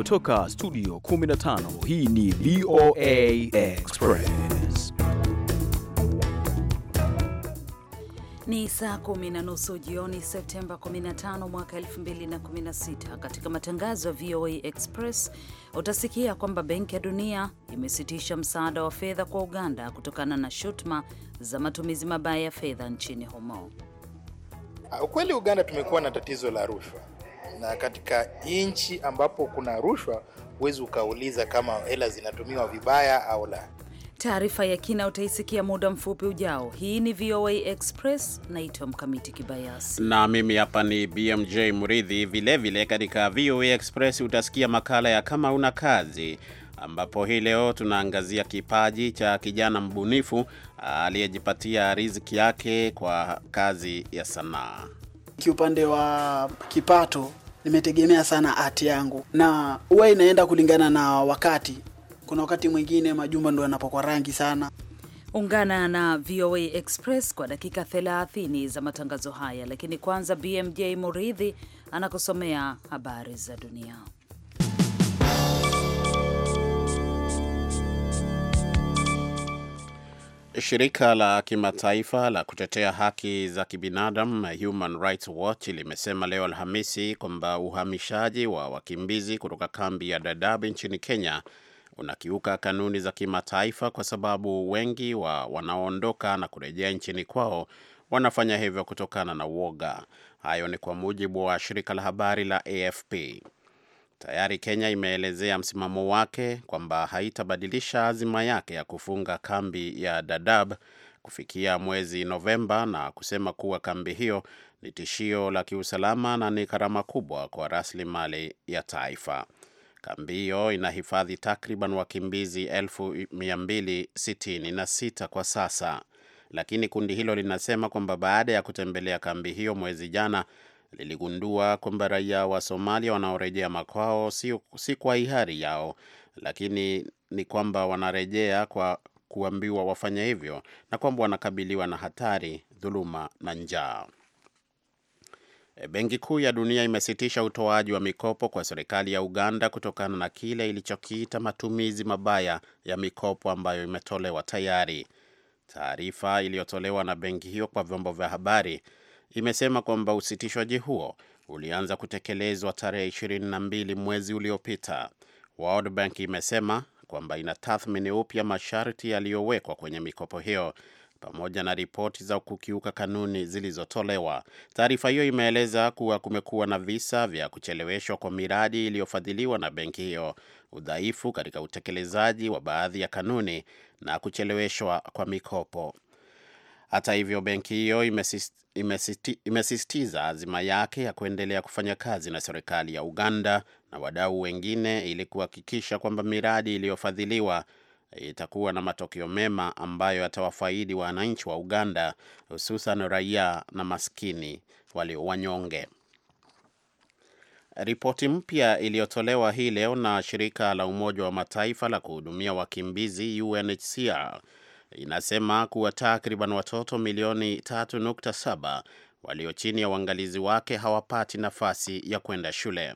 kutoka studio 15 hii ni VOA Express ni saa kumi na nusu jioni Septemba 15 mwaka 2016 katika matangazo ya VOA Express utasikia kwamba Benki ya Dunia imesitisha msaada wa fedha kwa Uganda kutokana na shutuma za matumizi mabaya ya fedha nchini humo. Ukweli Uganda tumekuwa na tatizo la rushwa na katika nchi ambapo kuna rushwa huwezi ukauliza kama hela zinatumiwa vibaya au la. Taarifa ya kina utaisikia muda mfupi ujao. Hii ni VOA Express, naitwa Mkamiti Kibayasi na mimi hapa ni BMJ mridhi Vilevile katika VOA Express utasikia makala ya kama una kazi, ambapo hii leo tunaangazia kipaji cha kijana mbunifu ah, aliyejipatia riziki yake kwa kazi ya sanaa. Kiupande wa kipato nimetegemea sana art yangu, na huwa inaenda kulingana na wakati. Kuna wakati mwingine majumba ndo yanapokuwa rangi sana. Ungana na VOA Express kwa dakika 30 za matangazo haya, lakini kwanza BMJ Muridhi anakusomea habari za dunia. Shirika la kimataifa la kutetea haki za kibinadamu Human Rights Watch limesema leo Alhamisi kwamba uhamishaji wa wakimbizi kutoka kambi ya Dadaab nchini Kenya unakiuka kanuni za kimataifa kwa sababu wengi wa wanaoondoka na kurejea nchini kwao wanafanya hivyo kutokana na uoga. Hayo ni kwa mujibu wa shirika la habari la AFP. Tayari Kenya imeelezea msimamo wake kwamba haitabadilisha azima yake ya kufunga kambi ya Dadaab kufikia mwezi Novemba na kusema kuwa kambi hiyo ni tishio la kiusalama na ni gharama kubwa kwa rasilimali ya taifa. Kambi hiyo inahifadhi takriban wakimbizi 266 kwa sasa, lakini kundi hilo linasema kwamba baada ya kutembelea kambi hiyo mwezi jana liligundua kwamba raia wa Somalia wanaorejea makwao si, si kwa hiari yao, lakini ni kwamba wanarejea kwa kuambiwa wafanya hivyo na kwamba wanakabiliwa na hatari, dhuluma na njaa. E, benki Kuu ya Dunia imesitisha utoaji wa mikopo kwa serikali ya Uganda kutokana na kile ilichokiita matumizi mabaya ya mikopo ambayo imetolewa tayari. Taarifa iliyotolewa na benki hiyo kwa vyombo vya habari imesema kwamba usitishwaji huo ulianza kutekelezwa tarehe 22 mwezi uliopita. World Bank imesema kwamba inatathmini upya masharti yaliyowekwa kwenye mikopo hiyo pamoja na ripoti za kukiuka kanuni zilizotolewa. Taarifa hiyo imeeleza kuwa kumekuwa na visa vya kucheleweshwa kwa miradi iliyofadhiliwa na benki hiyo, udhaifu katika utekelezaji wa baadhi ya kanuni na kucheleweshwa kwa mikopo. Hata hivyo, benki hiyo imesisitiza azima yake ya kuendelea kufanya kazi na serikali ya Uganda na wadau wengine ili kuhakikisha kwamba miradi iliyofadhiliwa itakuwa na matokeo mema ambayo yatawafaidi wananchi wa Uganda, hususan raia na maskini walio wanyonge. Ripoti mpya iliyotolewa hii leo na shirika la Umoja wa Mataifa la kuhudumia wakimbizi UNHCR inasema kuwa takriban watoto milioni 3.7 walio chini ya uangalizi wake hawapati nafasi ya kwenda shule.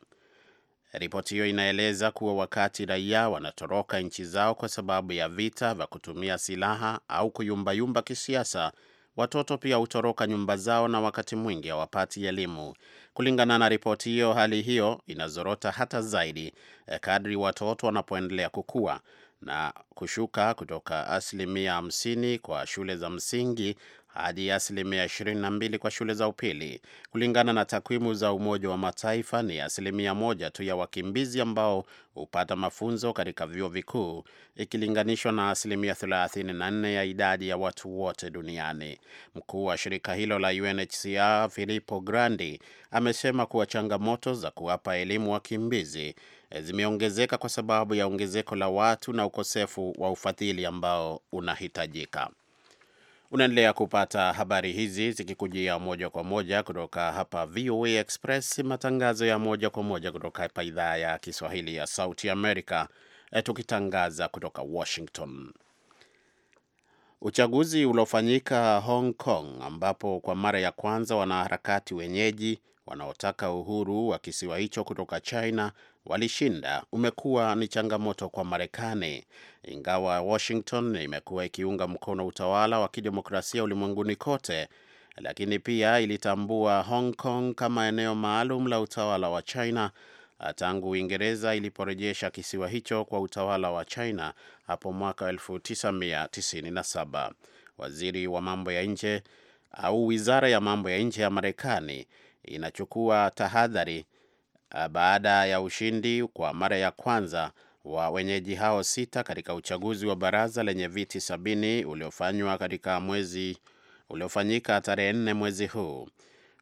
Ripoti hiyo inaeleza kuwa wakati raia wanatoroka nchi zao kwa sababu ya vita vya kutumia silaha au kuyumbayumba kisiasa, watoto pia hutoroka nyumba zao na wakati mwingi hawapati elimu. Kulingana na ripoti hiyo, hali hiyo inazorota hata zaidi eh, kadri watoto wanapoendelea kukua, na kushuka kutoka asilimia 50 kwa shule za msingi hadi asilimia 22 kwa shule za upili. Kulingana na takwimu za Umoja wa Mataifa, ni asilimia moja tu ya wakimbizi ambao hupata mafunzo katika vyuo vikuu ikilinganishwa na asilimia 34 ya idadi ya watu wote duniani. Mkuu wa shirika hilo la UNHCR Filippo Grandi amesema kuwa changamoto za kuwapa elimu wakimbizi Eh, zimeongezeka kwa sababu ya ongezeko la watu na ukosefu wa ufadhili ambao unahitajika. Unaendelea kupata habari hizi zikikujia moja kwa moja kutoka hapa VOA Express, matangazo ya moja kwa moja kutoka hapa idhaa ya Kiswahili ya Sauti Amerika, eh, tukitangaza kutoka Washington. Uchaguzi uliofanyika Hong Kong, ambapo kwa mara ya kwanza wanaharakati wenyeji wanaotaka uhuru wa kisiwa hicho kutoka China walishinda umekuwa ni changamoto kwa Marekani, ingawa Washington imekuwa ikiunga mkono utawala wa kidemokrasia ulimwenguni kote, lakini pia ilitambua Hong Kong kama eneo maalum la utawala wa China ah, tangu Uingereza iliporejesha kisiwa hicho kwa utawala wa China hapo mwaka 1997. Waziri wa mambo ya nje au wizara ya mambo ya nje ya Marekani inachukua tahadhari Ah, baada ya ushindi kwa mara ya kwanza wa wenyeji hao sita katika uchaguzi wa baraza lenye viti sabini uliofanywa katika mwezi uliofanyika tarehe nne mwezi huu.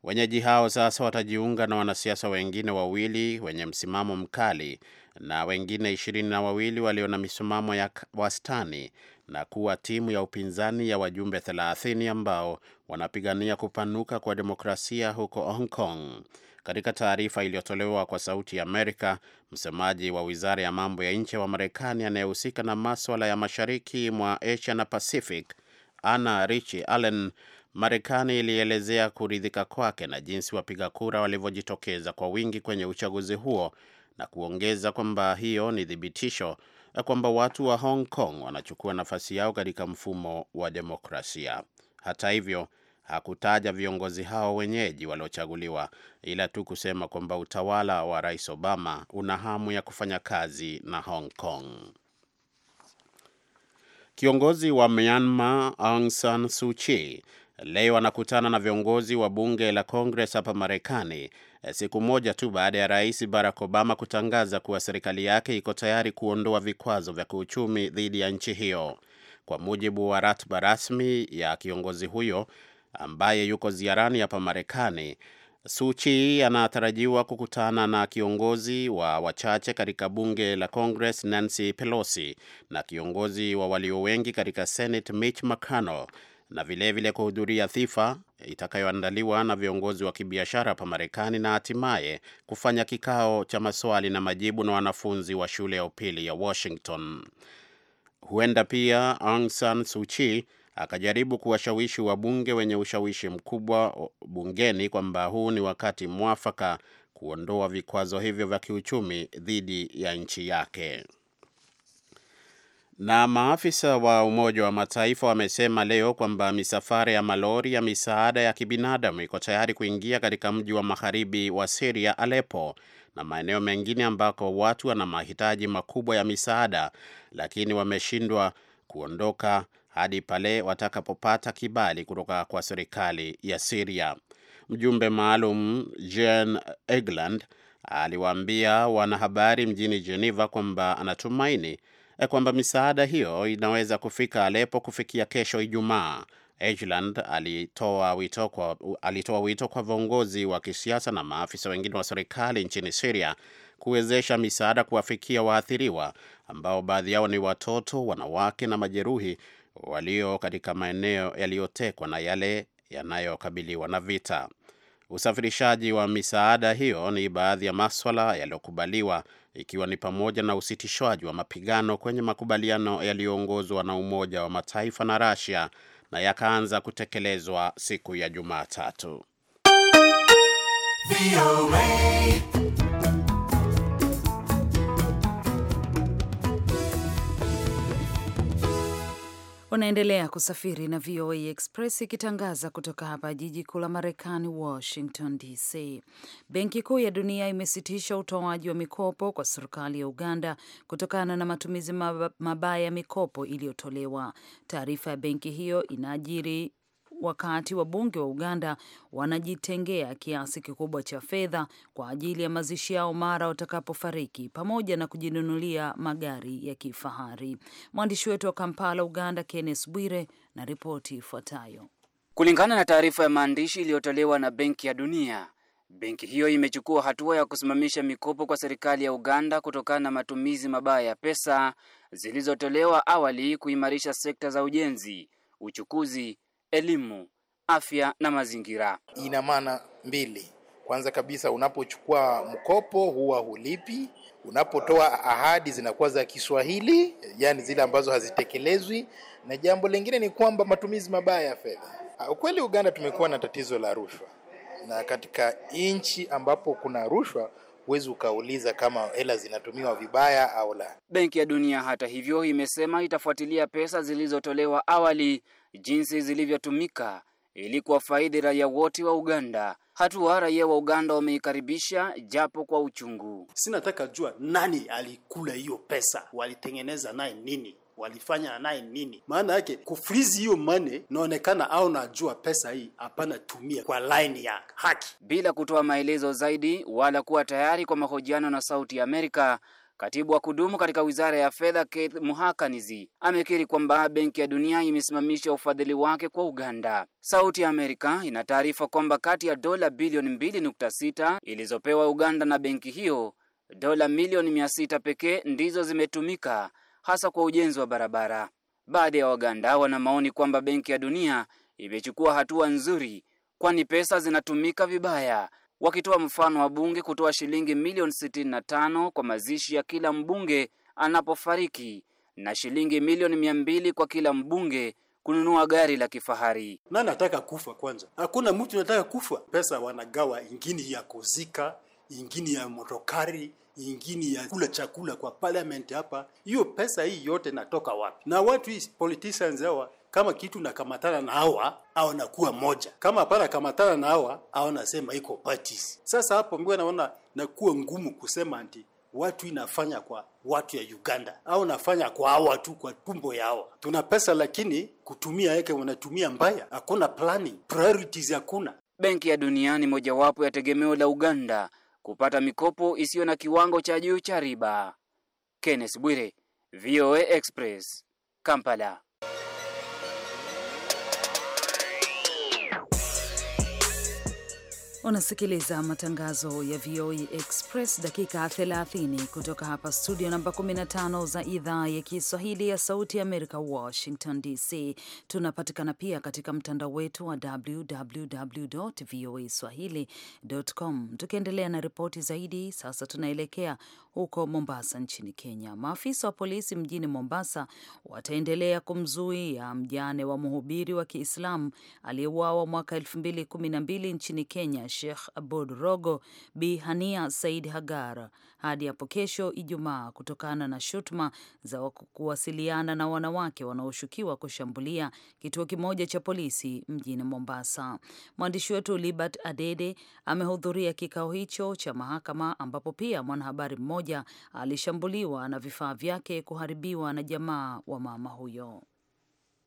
Wenyeji hao sasa watajiunga na wanasiasa wengine wawili wenye msimamo mkali na wengine ishirini na wawili walio na misimamo ya wastani na kuwa timu ya upinzani ya wajumbe 30 ambao wanapigania kupanuka kwa demokrasia huko Hong Kong. Katika taarifa iliyotolewa kwa Sauti ya Amerika, msemaji wa wizara ya mambo ya nje wa Marekani anayehusika na maswala ya mashariki mwa Asia na Pacific, Anna Richi Allen, Marekani ilielezea kuridhika kwake na jinsi wapiga kura walivyojitokeza kwa wingi kwenye uchaguzi huo na kuongeza kwamba hiyo ni thibitisho kwamba watu wa Hong Kong wanachukua nafasi yao katika mfumo wa demokrasia. Hata hivyo hakutaja viongozi hao wenyeji waliochaguliwa, ila tu kusema kwamba utawala wa Rais Obama una hamu ya kufanya kazi na Hong Kong. Kiongozi wa Myanmar Aung San Suu Kyi leo anakutana na viongozi wa bunge la Congress hapa Marekani, eh, siku moja tu baada ya Rais Barack Obama kutangaza kuwa serikali yake iko tayari kuondoa vikwazo vya kiuchumi dhidi ya nchi hiyo. Kwa mujibu wa ratiba rasmi ya kiongozi huyo, ambaye yuko ziarani hapa Marekani, Suchi anatarajiwa kukutana na kiongozi wa wachache katika bunge la Congress Nancy Pelosi na kiongozi wa walio wengi katika Senate Mitch McConnell na vilevile kuhudhuria dhifa itakayoandaliwa na viongozi wa kibiashara hapa Marekani na hatimaye kufanya kikao cha maswali na majibu na wanafunzi wa shule ya upili ya Washington. Huenda pia Aung San Suu Kyi akajaribu kuwashawishi wabunge wenye ushawishi mkubwa bungeni kwamba huu ni wakati mwafaka kuondoa vikwazo hivyo vya kiuchumi dhidi ya nchi yake. Na maafisa wa Umoja wa Mataifa wamesema leo kwamba misafara ya malori ya misaada ya kibinadamu iko tayari kuingia katika mji wa magharibi wa Siria, Aleppo na maeneo mengine ambako watu wana mahitaji makubwa ya misaada, lakini wameshindwa kuondoka hadi pale watakapopata kibali kutoka kwa serikali ya Siria. Mjumbe maalum Jen Egland aliwaambia wanahabari mjini Geneva kwamba anatumaini eh, kwamba misaada hiyo inaweza kufika Alepo kufikia kesho Ijumaa. Egland alitoa wito kwa alitoa wito kwa viongozi wa kisiasa na maafisa wengine wa serikali nchini siria kuwezesha misaada kuwafikia waathiriwa ambao baadhi yao ni watoto, wanawake na majeruhi walio katika maeneo yaliyotekwa na yale yanayokabiliwa na vita. Usafirishaji wa misaada hiyo ni baadhi ya maswala yaliyokubaliwa ikiwa ni pamoja na usitishwaji wa mapigano kwenye makubaliano yaliyoongozwa na Umoja wa Mataifa na Russia na yakaanza kutekelezwa siku ya Jumatatu. Unaendelea kusafiri na VOA Express ikitangaza kutoka hapa jiji kuu la Marekani, Washington DC. Benki Kuu ya Dunia imesitisha utoaji wa mikopo kwa serikali ya Uganda kutokana na matumizi mabaya ya mikopo iliyotolewa. Taarifa ya benki hiyo inaajiri wakati wabunge wa Uganda wanajitengea kiasi kikubwa cha fedha kwa ajili ya mazishi yao mara watakapofariki pamoja na kujinunulia magari ya kifahari. Mwandishi wetu wa Kampala, Uganda, Kenneth Bwire na ripoti ifuatayo. Kulingana na taarifa ya maandishi iliyotolewa na Benki ya Dunia, benki hiyo imechukua hatua ya kusimamisha mikopo kwa serikali ya Uganda kutokana na matumizi mabaya ya pesa zilizotolewa awali kuimarisha sekta za ujenzi, uchukuzi, elimu, afya na mazingira. Ina maana mbili. Kwanza kabisa, unapochukua mkopo huwa hulipi. Unapotoa ahadi zinakuwa za Kiswahili, yani zile ambazo hazitekelezwi. Na jambo lingine ni kwamba matumizi mabaya ya fedha. Ukweli Uganda tumekuwa na tatizo la rushwa, na katika nchi ambapo kuna rushwa huwezi ukauliza kama hela zinatumiwa vibaya au la. Benki ya Dunia hata hivyo imesema itafuatilia pesa zilizotolewa awali jinsi zilivyotumika ili kuwafaidi raia wote wa Uganda. Hatua raia wa Uganda wameikaribisha japo kwa uchungu. Sinataka jua nani alikula hiyo pesa, walitengeneza naye nini, walifanya naye nini? Maana yake kufrizi hiyo mane, naonekana au najua pesa hii hapana tumia kwa line ya haki, bila kutoa maelezo zaidi wala kuwa tayari kwa mahojiano na Sauti ya Amerika. Katibu wa kudumu katika wizara ya fedha Keith Muhakanizi amekiri kwamba Benki ya Dunia imesimamisha ufadhili wake kwa Uganda. Sauti ya Amerika ina taarifa kwamba kati ya dola bilioni 2.6 ilizopewa Uganda na benki hiyo, dola milioni 600 pekee ndizo zimetumika hasa kwa ujenzi wa barabara. Baadhi ya Waganda wana maoni kwamba Benki ya Dunia imechukua hatua nzuri, kwani pesa zinatumika vibaya wakitoa mfano wa bunge kutoa shilingi milioni 65 kwa mazishi ya kila mbunge anapofariki na shilingi milioni mia mbili kwa kila mbunge kununua gari la kifahari. Nani nataka kufa kwanza? Hakuna mtu anataka kufa. Pesa wanagawa, ingini ya kuzika, ingini ya motokari, ingini ya kula chakula kwa parliament hapa. Hiyo pesa hii yote natoka wapi? Na watu hii politicians hawa kama kitu nakamatana na hawa au nakuwa moja, kama hapana kamatana na hawa au nasema iko parties. Sasa hapo mimi naona nakuwa ngumu kusema anti watu inafanya kwa watu ya Uganda au nafanya kwa hawa tu kwa tumbo ya hawa. Tuna pesa lakini kutumia yake wanatumia mbaya, hakuna planning, priorities hakuna. Benki ya Dunia ni mojawapo ya tegemeo la Uganda kupata mikopo isiyo na kiwango cha juu cha riba. Kenneth Bwire, VOA Express, Kampala. Unasikiliza matangazo ya VOA e Express dakika 30 kutoka hapa studio namba 15 za idhaa ya Kiswahili ya Sauti ya Amerika, Washington DC. Tunapatikana pia katika mtandao wetu wa www voa e swahili.com. Tukiendelea na ripoti zaidi, sasa tunaelekea huko Mombasa nchini Kenya. Maafisa wa polisi mjini Mombasa wataendelea kumzuia mjane wa mhubiri wa Kiislamu aliyeuawa mwaka 2012 nchini Kenya Sheikh Abud Rogo Bi Hania Said hagar hadi hapo kesho Ijumaa kutokana na shutuma za kuwasiliana na wanawake wanaoshukiwa kushambulia kituo kimoja cha polisi mjini Mombasa. Mwandishi wetu Libert Adede amehudhuria kikao hicho cha mahakama ambapo pia mwanahabari mmoja alishambuliwa na vifaa vyake kuharibiwa na jamaa wa mama huyo.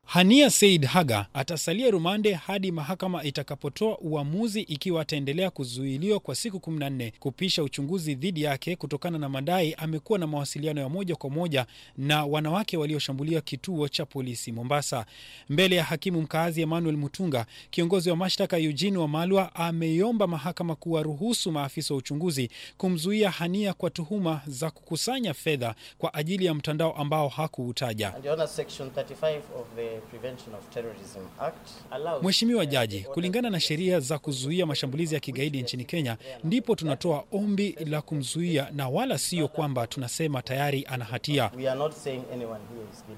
Hania Said Haga atasalia rumande hadi mahakama itakapotoa uamuzi ikiwa ataendelea kuzuiliwa kwa siku kumi na nne kupisha uchunguzi dhidi yake kutokana na madai amekuwa na mawasiliano ya moja kwa moja na wanawake walioshambulia kituo cha polisi Mombasa. Mbele ya hakimu mkaazi Emmanuel Mutunga, kiongozi wa mashtaka Eugene Wamalwa ameiomba mahakama kuwaruhusu maafisa wa uchunguzi kumzuia Hania kwa tuhuma za kukusanya fedha kwa ajili ya mtandao ambao hakuutaja. Mheshimiwa Jaji, kulingana na sheria za kuzuia mashambulizi ya kigaidi nchini Kenya, ndipo tunatoa ombi la kumzuia na wala sio kwamba tunasema tayari ana hatia.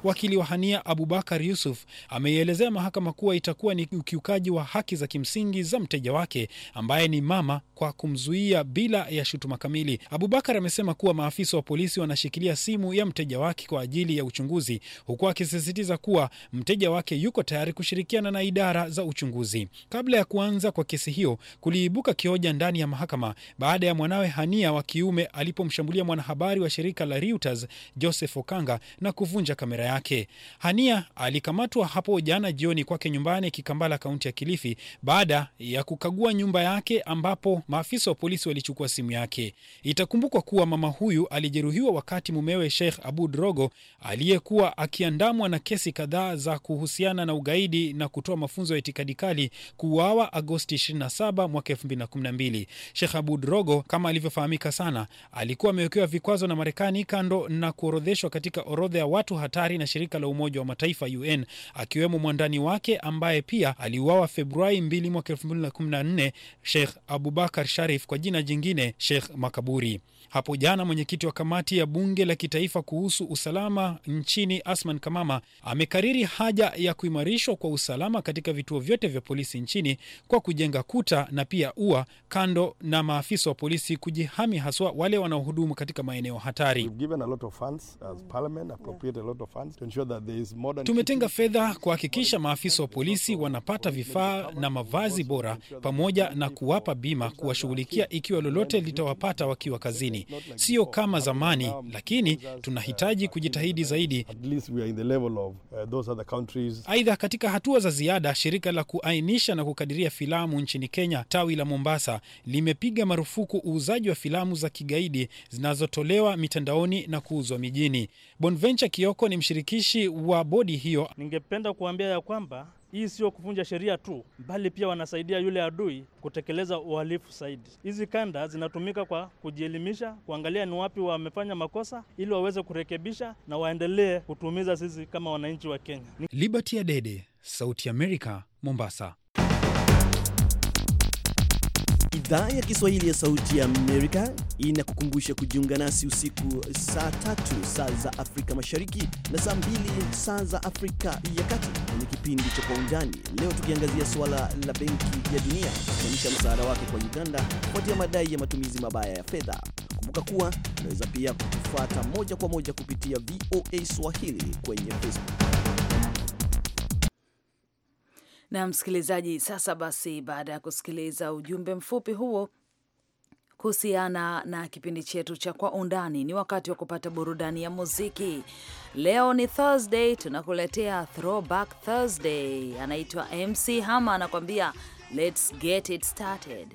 Wakili wa Hania Abubakar Yusuf ameielezea mahakama kuwa itakuwa ni ukiukaji wa haki za kimsingi za mteja wake ambaye ni mama kwa kumzuia bila ya shutuma kamili. Abubakar amesema kuwa maafisa wa polisi wanashikilia simu ya mteja wake kwa ajili ya uchunguzi, huku akisisitiza kuwa mteja wake yuko tayari kushirikiana na idara za uchunguzi. Kabla ya kuanza kwa kesi hiyo, kuliibuka kioja ndani ya mahakama baada ya mwanawe Hania wa kiume alipomshambulia mwanahabari wa shirika la Reuters Joseph Okanga na kuvunja kamera yake. Hania alikamatwa hapo jana jioni kwake nyumbani Kikambala, kaunti ya Kilifi, baada ya kukagua nyumba yake ambapo maafisa wa polisi walichukua simu yake. Itakumbukwa kuwa mama huyu alijeruhiwa wakati mumewe Sheikh Abud Rogo aliyekuwa akiandamwa na kesi kadhaa za kuhusiana na ugaidi na kutoa mafunzo ya itikadi kali kuuawa Agosti 27 mwaka 2012. Sheikh Abud Rogo kama alivyofahamika sana, alikuwa amewekewa vikwazo na Marekani kando na kuorodheshwa katika orodha ya watu hatari na shirika la Umoja wa Mataifa UN, akiwemo mwandani wake ambaye pia aliuawa Februari 2 mwaka 2014, Sheikh Abubakar Sharif kwa jina jingine Sheikh Makaburi. Hapo jana mwenyekiti wa kamati ya bunge la kitaifa kuhusu usalama nchini Asman Kamama amekariri haja ya kuimarishwa kwa usalama katika vituo vyote vya polisi nchini kwa kujenga kuta na pia ua kando na maafisa wa polisi kujihami, haswa wale wanaohudumu katika maeneo hatari. Tumetenga fedha kuhakikisha maafisa wa polisi wanapata vifaa na mavazi bora pamoja na kuwapa bima kuwashughulikia ikiwa lolote litawapata wakiwa kazini duniani, sio kama zamani, lakini tunahitaji kujitahidi zaidi. Uh, Aidha, katika hatua za ziada, shirika la kuainisha na kukadiria filamu nchini Kenya tawi la Mombasa limepiga marufuku uuzaji wa filamu za kigaidi zinazotolewa mitandaoni na kuuzwa mijini. Bonventure Kioko ni mshirikishi wa bodi hiyo. Ningependa kuambia ya kwamba hii sio kuvunja sheria tu, bali pia wanasaidia yule adui kutekeleza uhalifu zaidi. Hizi kanda zinatumika kwa kujielimisha, kuangalia ni wapi wamefanya makosa ili waweze kurekebisha na waendelee kutumiza sisi kama wananchi wa Kenya. Liberty Adede, Sauti ya Amerika, Mombasa. Idhaa ya Kiswahili ya Sauti ya Amerika inakukumbusha kujiunga nasi usiku saa tatu saa za Afrika Mashariki na saa mbili saa za Afrika ya Kati kwenye kipindi cha Kwa Undani, leo tukiangazia suala la Benki ya Dunia kuonyesha msaada wake kwa Uganda kufuatia madai ya matumizi mabaya ya fedha. Kumbuka kuwa unaweza pia kutufuata moja kwa moja kupitia VOA Swahili kwenye Facebook. Na msikilizaji, sasa basi, baada ya kusikiliza ujumbe mfupi huo kuhusiana na kipindi chetu cha Kwa Undani, ni wakati wa kupata burudani ya muziki. Leo ni Thursday, tunakuletea Throwback Thursday. Anaitwa MC Hammer, anakuambia let's get it started.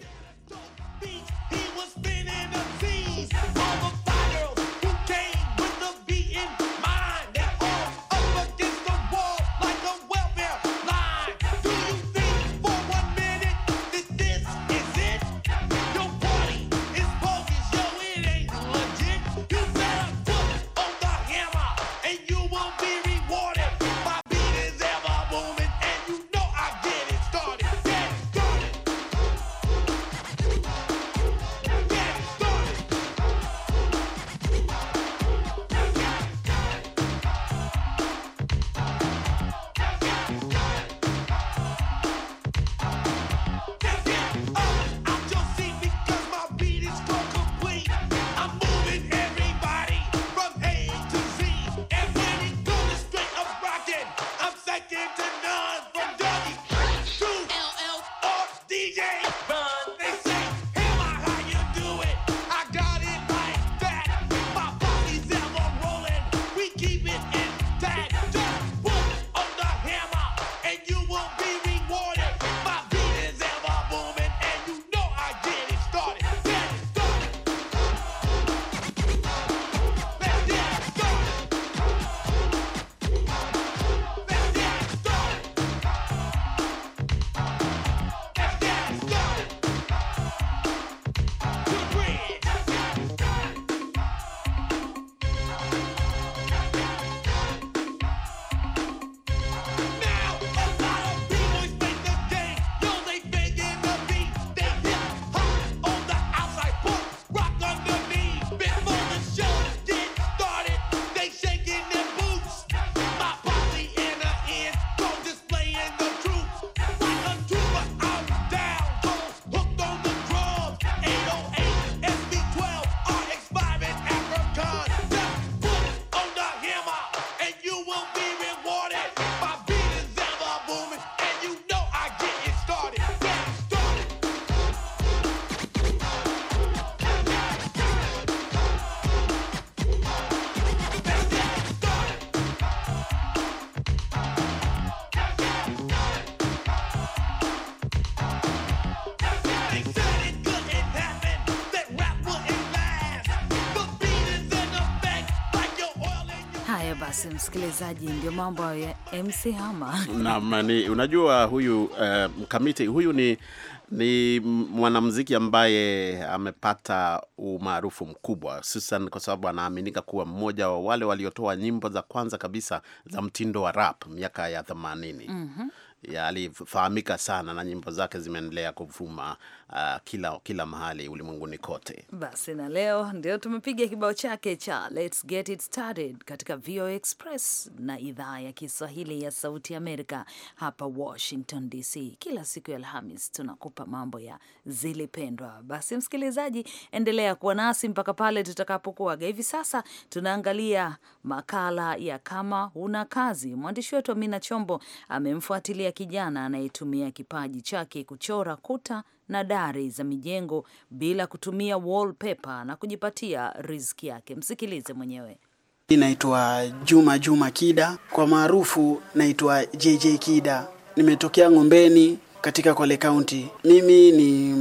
msikilizaji, ndio mambo ya MC Hama. Naam, ni unajua huyu eh, mkamiti huyu ni ni mwanamuziki ambaye amepata umaarufu mkubwa hususan kwa sababu anaaminika kuwa mmoja wa wale waliotoa nyimbo za kwanza kabisa za mtindo wa rap miaka ya themanini. mm -hmm alifahamika sana na nyimbo zake zimeendelea kuvuma uh, kila, kila mahali ulimwenguni kote. Basi na leo ndio tumepiga kibao chake cha Let's Get It Started katika VOA Express na idhaa ya Kiswahili ya Sauti Amerika hapa Washington DC. Kila siku ya Alhamis tunakupa mambo ya zilipendwa. Basi msikilizaji, endelea kuwa nasi mpaka pale tutakapokuaga. Hivi sasa tunaangalia makala ya kama huna kazi. Mwandishi wetu Amina Chombo amemfuatilia kijana anayetumia kipaji chake kuchora kuta na dari za mijengo bila kutumia wallpaper na kujipatia riziki yake. Msikilize mwenyewe. Naitwa Juma Juma Kida, kwa maarufu naitwa JJ Kida. Nimetokea Ng'ombeni katika Kwale County. Mimi ni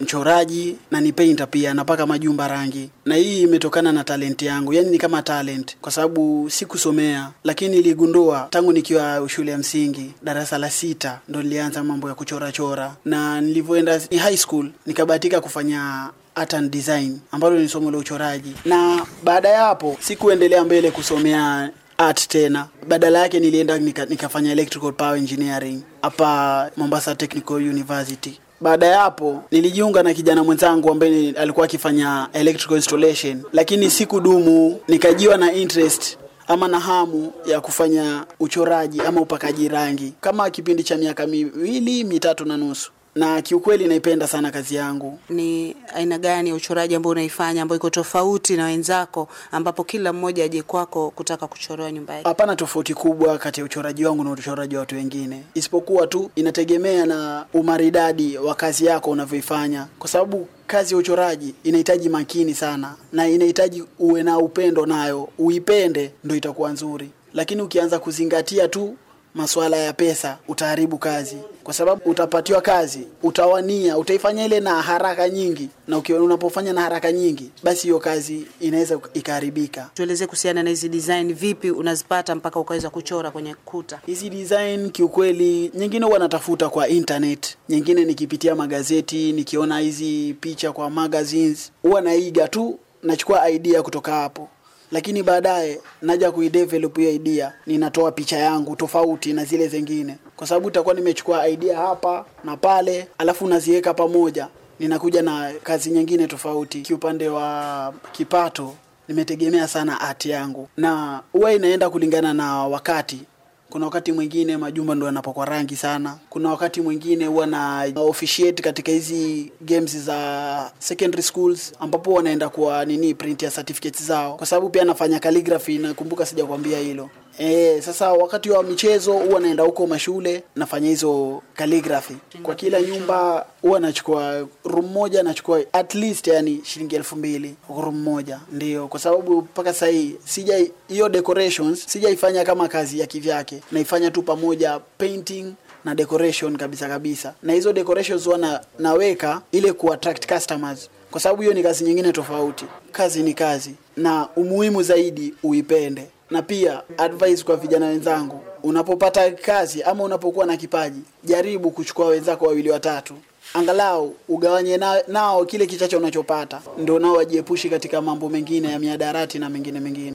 mchoraji na ni painter pia, napaka majumba rangi, na hii imetokana na talenti yangu, yani ni kama talent, kwa sababu sikusomea, lakini niligundua tangu nikiwa shule ya msingi darasa la sita ndo nilianza mambo ya kuchora chora, na nilivyoenda ni high school nikabahatika kufanya art and design ambalo ni somo la uchoraji, na baada ya hapo sikuendelea mbele kusomea art tena, badala yake nilienda nika, nikafanya electrical power engineering hapa Mombasa Technical University baada ya hapo nilijiunga na kijana mwenzangu ambaye alikuwa akifanya electrical installation, lakini sikudumu. Nikajiwa na interest ama na hamu ya kufanya uchoraji ama upakaji rangi kama kipindi cha miaka miwili mitatu na nusu na kiukweli naipenda sana kazi yangu. Ni aina gani ya uchoraji ambao unaifanya ambao iko tofauti na wenzako, ambapo kila mmoja aje kwako kutaka kuchoroa nyumba yake? Hapana tofauti kubwa kati ya uchoraji wangu na uchoraji wa watu wengine, isipokuwa tu inategemea na umaridadi wa kazi yako unavyoifanya, kwa sababu kazi ya uchoraji inahitaji makini sana na inahitaji uwe na upendo nayo, uipende ndo itakuwa nzuri, lakini ukianza kuzingatia tu masuala ya pesa, utaharibu kazi, kwa sababu utapatiwa kazi, utawania, utaifanya ile na haraka nyingi, na ukiona unapofanya na haraka nyingi, basi hiyo kazi inaweza ikaharibika. Tueleze kuhusiana na hizi design, vipi unazipata mpaka ukaweza kuchora kwenye kuta hizi design? Kiukweli nyingine huwa natafuta kwa internet, nyingine nikipitia magazeti, nikiona hizi picha kwa magazines, huwa naiga tu, nachukua idea kutoka hapo lakini baadaye naja kuidevelop hiyo idea, ninatoa picha yangu tofauti na zile zingine, kwa sababu itakuwa nimechukua idea hapa na pale, alafu naziweka pamoja, ninakuja na kazi nyingine tofauti. Kiupande wa kipato, nimetegemea sana art yangu, na huwa inaenda kulingana na wakati kuna wakati mwingine majumba ndo yanapakwa rangi sana. Kuna wakati mwingine huwa na officiate katika hizi games za secondary schools, ambapo wanaenda kwa nini print ya certificates zao, kwa sababu pia anafanya calligraphy. Nakumbuka sijakwambia hilo. Eh, sasa wakati wa michezo huwa naenda huko mashule nafanya hizo calligraphy. Kwa kila nyumba huwa nachukua room moja, nachukua at least yani shilingi elfu mbili room moja, ndio kwa sababu mpaka sasa hii sija hiyo decorations sijaifanya kama kazi ya kivyake, naifanya tu pamoja painting na decoration kabisa kabisa, na hizo decorations huwa na, naweka ile ku attract customers kwa sababu hiyo ni kazi nyingine tofauti. Kazi ni kazi, na umuhimu zaidi uipende na pia advice kwa vijana wenzangu, unapopata kazi ama unapokuwa na kipaji, jaribu kuchukua wenzako wawili watatu, angalau ugawanye nao, nao kile kichache unachopata, ndio nao wajiepushi katika mambo mengine ya miadarati na mengine mengine.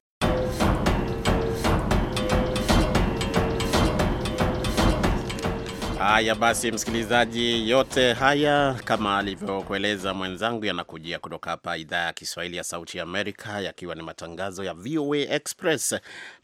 Haya basi, msikilizaji, yote haya kama alivyokueleza mwenzangu yanakujia kutoka hapa idhaa ya Kiswahili ya Sauti Amerika, yakiwa ni matangazo ya VOA Express.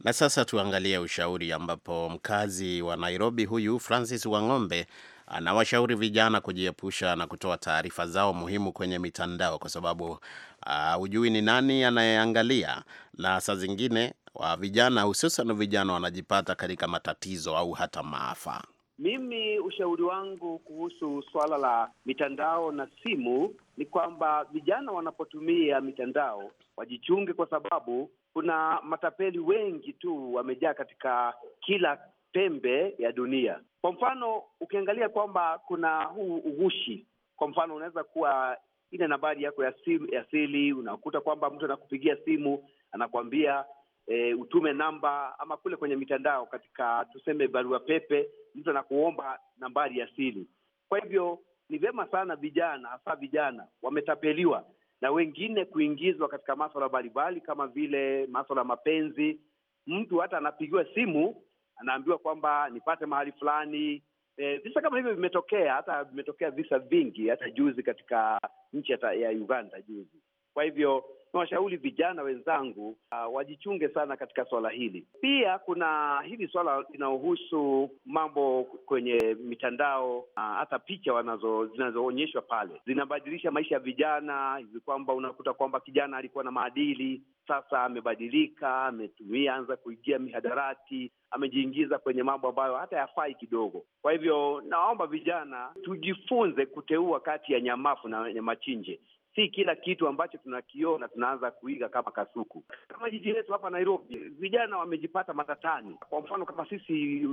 Na sasa tuangalie ushauri, ambapo mkazi wa Nairobi huyu Francis Wang'ombe anawashauri vijana kujiepusha na kutoa taarifa zao muhimu kwenye mitandao kwa sababu ah, hujui uh, ni nani anayeangalia, na saa zingine wa vijana hususan vijana wanajipata katika matatizo au hata maafa. Mimi ushauri wangu kuhusu swala la mitandao na simu ni kwamba vijana wanapotumia mitandao wajichunge, kwa sababu kuna matapeli wengi tu wamejaa katika kila pembe ya dunia. Kwa mfano, ukiangalia kwamba kuna huu ugushi, kwa mfano, unaweza kuwa ile nambari yako ya simu ya sili, unakuta kwamba mtu anakupigia simu anakuambia e, utume namba ama kule kwenye mitandao katika tuseme barua pepe mtu anakuomba nambari ya siri. Kwa hivyo ni vyema sana vijana, hasa vijana wametapeliwa na wengine kuingizwa katika maswala mbalimbali kama vile maswala mapenzi. Mtu hata anapigiwa simu anaambiwa kwamba nipate mahali fulani. E, visa kama hivyo vimetokea, hata vimetokea visa vingi, hata juzi katika nchi ya Uganda juzi. Kwa hivyo nawashauri vijana wenzangu uh, wajichunge sana katika swala hili. Pia kuna hili swala linaohusu mambo kwenye mitandao uh, hata picha wanazo zinazoonyeshwa pale zinabadilisha maisha ya vijana hivi kwamba unakuta kwamba kijana alikuwa na maadili, sasa amebadilika, ametumia anza kuingia mihadarati, amejiingiza kwenye mambo ambayo hata yafai kidogo. Kwa hivyo naomba vijana tujifunze kuteua kati ya nyamafu na nyamachinje si kila kitu ambacho tunakiona tunaanza kuiga kama kasuku. Kama jiji letu hapa Nairobi, vijana wamejipata matatani. Kwa mfano, kama sisi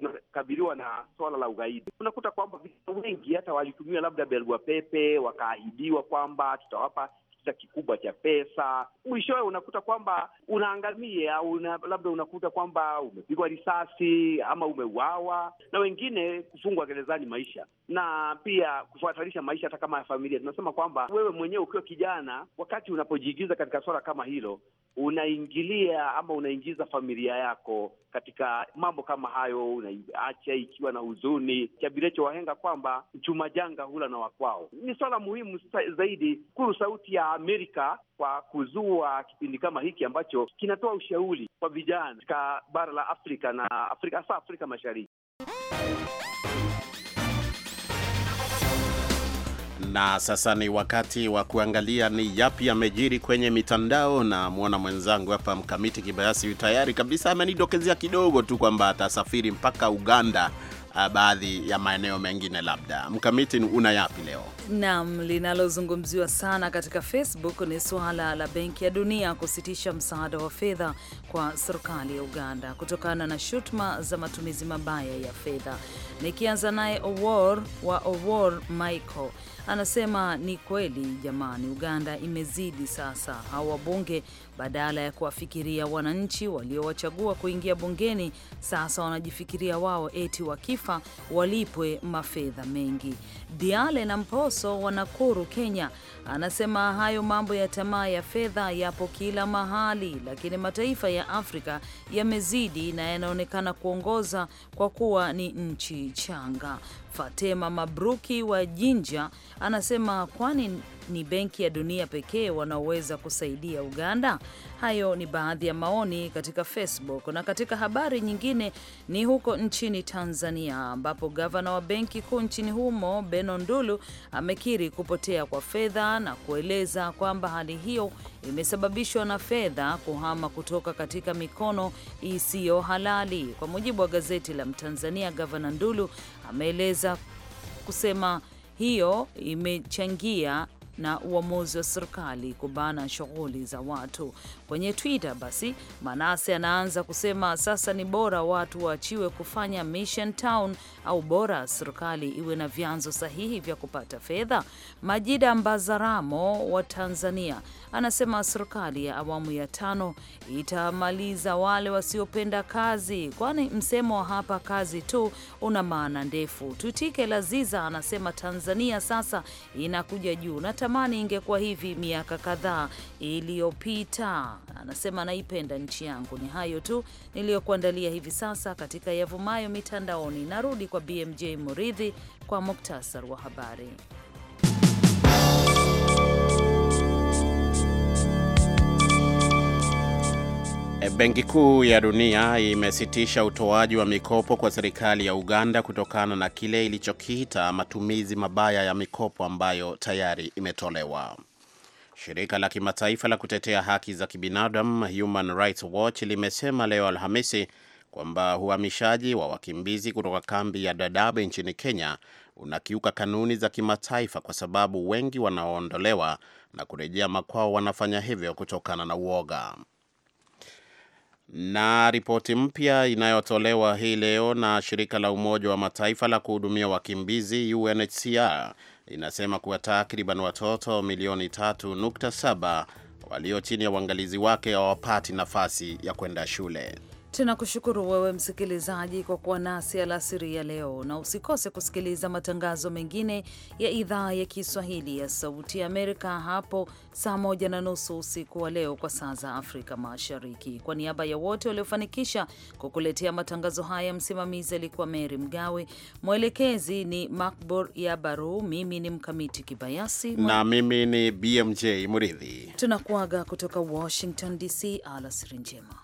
tunakabiliwa na swala la ugaidi, unakuta kwamba vijana wengi hata walitumia labda barua pepe, wakaahidiwa kwamba tutawapa kiasi kikubwa cha pesa, mwishowe unakuta kwamba unaangamia una, labda unakuta kwamba umepigwa risasi ama umeuawa, na wengine kufungwa gerezani maisha, na pia kufuatanisha maisha hata kama ya familia. Tunasema kwamba wewe mwenyewe ukiwa kijana, wakati unapojiingiza katika swala kama hilo, unaingilia ama unaingiza familia yako katika mambo kama hayo, unaacha ikiwa na huzuni. Chabirecho wahenga kwamba mchuma janga hula na wakwao. Ni swala muhimu zaidi kuru sauti ya Amerika kwa kuzua kipindi kama hiki ambacho kinatoa ushauri kwa vijana katika bara la Afrika na Afrika hasa Afrika Mashariki. Na sasa ni wakati wa kuangalia ni yapi yamejiri kwenye mitandao, na mwona mwenzangu hapa Mkamiti Kibayasi tayari kabisa amenidokezea kidogo tu kwamba atasafiri mpaka Uganda Eh, baadhi ya maeneo mengine labda. Mkamiti, una yapi leo? Naam, linalozungumziwa sana katika Facebook ni suala la Benki ya Dunia kusitisha msaada wa fedha kwa serikali ya Uganda kutokana na shutuma za matumizi mabaya ya fedha. Nikianza naye Owor wa Owor Michael anasema ni kweli jamani, Uganda imezidi sasa. hawa wabunge badala ya kuwafikiria wananchi waliowachagua kuingia bungeni, sasa wanajifikiria wao, eti wakifa walipwe mafedha mengi. Diale na Mposo wa Nakuru, Kenya, anasema hayo mambo ya tamaa ya fedha yapo kila mahali, lakini mataifa ya Afrika yamezidi na yanaonekana kuongoza kwa kuwa ni nchi changa. Fatema Mabruki wa Jinja anasema kwani ni Benki ya Dunia pekee wanaoweza kusaidia Uganda. Hayo ni baadhi ya maoni katika Facebook. Na katika habari nyingine ni huko nchini Tanzania, ambapo gavana wa benki kuu nchini humo Beno Ndulu amekiri kupotea kwa fedha na kueleza kwamba hali hiyo imesababishwa na fedha kuhama kutoka katika mikono isiyo halali. Kwa mujibu wa gazeti la Mtanzania, gavana Ndulu ameeleza kusema hiyo imechangia na uamuzi wa serikali kubana shughuli za watu. Kwenye Twitter basi, Manase anaanza kusema sasa ni bora watu waachiwe kufanya Mission Town au bora serikali iwe na vyanzo sahihi vya kupata fedha. Majida Mbazaramo wa Tanzania anasema serikali ya awamu ya tano itamaliza wale wasiopenda kazi, kwani msemo wa hapa kazi tu una maana ndefu. Tutike Laziza anasema Tanzania sasa inakuja juu, natamani ingekuwa hivi miaka kadhaa iliyopita. Anasema naipenda nchi yangu. Ni hayo tu niliyokuandalia hivi sasa katika yavumayo mitandaoni. Narudi kwa BMJ Muridhi kwa muktasar wa habari. Eh, Benki Kuu ya Dunia imesitisha utoaji wa mikopo kwa serikali ya Uganda kutokana na kile ilichokiita matumizi mabaya ya mikopo ambayo tayari imetolewa. Shirika la kimataifa la kutetea haki za kibinadamu Human Rights Watch limesema leo Alhamisi kwamba uhamishaji wa wakimbizi kutoka kambi ya Dadaab nchini Kenya unakiuka kanuni za kimataifa kwa sababu wengi wanaoondolewa na kurejea makwao wanafanya hivyo kutokana na uoga. Na ripoti mpya inayotolewa hii leo na shirika la Umoja wa Mataifa la kuhudumia wakimbizi UNHCR inasema kuwa takriban watoto milioni 3.7 walio chini ya uangalizi wake hawapati nafasi ya kwenda shule. Tunakushukuru wewe msikilizaji kwa kuwa nasi alasiri ya leo, na usikose kusikiliza matangazo mengine ya idhaa ya Kiswahili ya Sauti ya Amerika hapo saa moja na nusu usiku wa leo kwa saa za Afrika Mashariki. Kwa niaba ya wote waliofanikisha kukuletea matangazo haya, msimamizi alikuwa Meri Mgawe, mwelekezi ni Makbor ya Baru, mimi ni Mkamiti Kibayasi na mimi ni BMJ Muridhi. Tunakuaga kutoka Washington DC, alasiri njema.